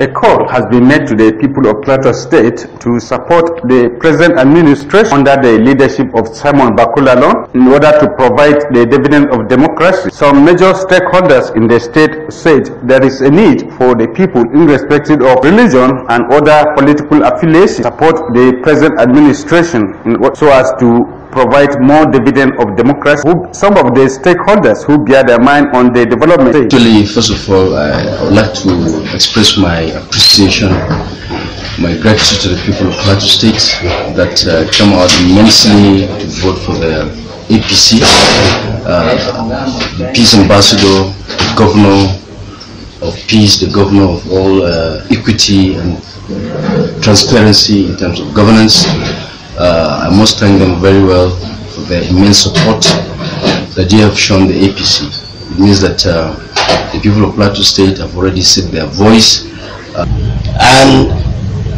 a call has been made to the people of Plateau State to support the present administration under the leadership of Simon Bakulalon in order to provide the dividend of democracy. Some major stakeholders in the state said there is a need for the people, irrespective of religion and other political to support the present administration so as to Provide more dividend of democracy. Who, some of the stakeholders who bear their mind on the development. Actually, first of all, I, I would like to express my appreciation, my gratitude to the people of Plateau State that uh, come out immensely to vote for the APC, uh, peace ambassador, the governor of peace, the governor of all uh, equity and transparency in terms of governance. Uh, I must thank them very well for their immense support that they have shown the APC. It means that uh, the people of Plateau State have already said their voice. Uh, and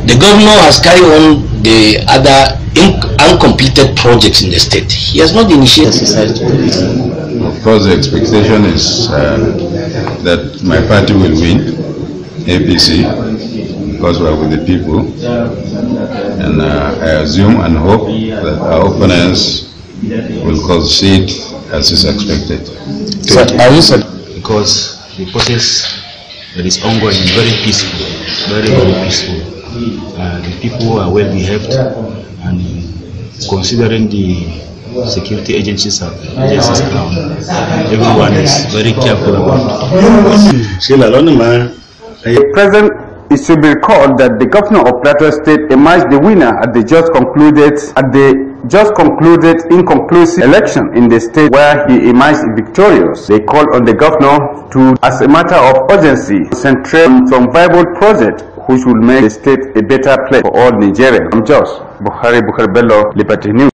the governor has carried on the other uncompleted projects in the state. He has not initiated. Of course, the expectation is uh, that my party will win, APC, because we are with the people. And uh, I assume and hope that our opponents will concede as is expected. Sir, are you said because the process that is ongoing is very peaceful, very, very peaceful. Uh, the people are well behaved and considering the security agencies have agencies around. Everyone is very careful about it. The present it should be recalled that the governor of Plateau State emerged the winner at the just concluded at the just concluded inconclusive election in the state where he emerged victorious. They called on the governor to, as a matter of urgency, concentrate on some viable project which will make the state a better place for all Nigerians. I'm Josh Buhari Bukharbello, Liberty News.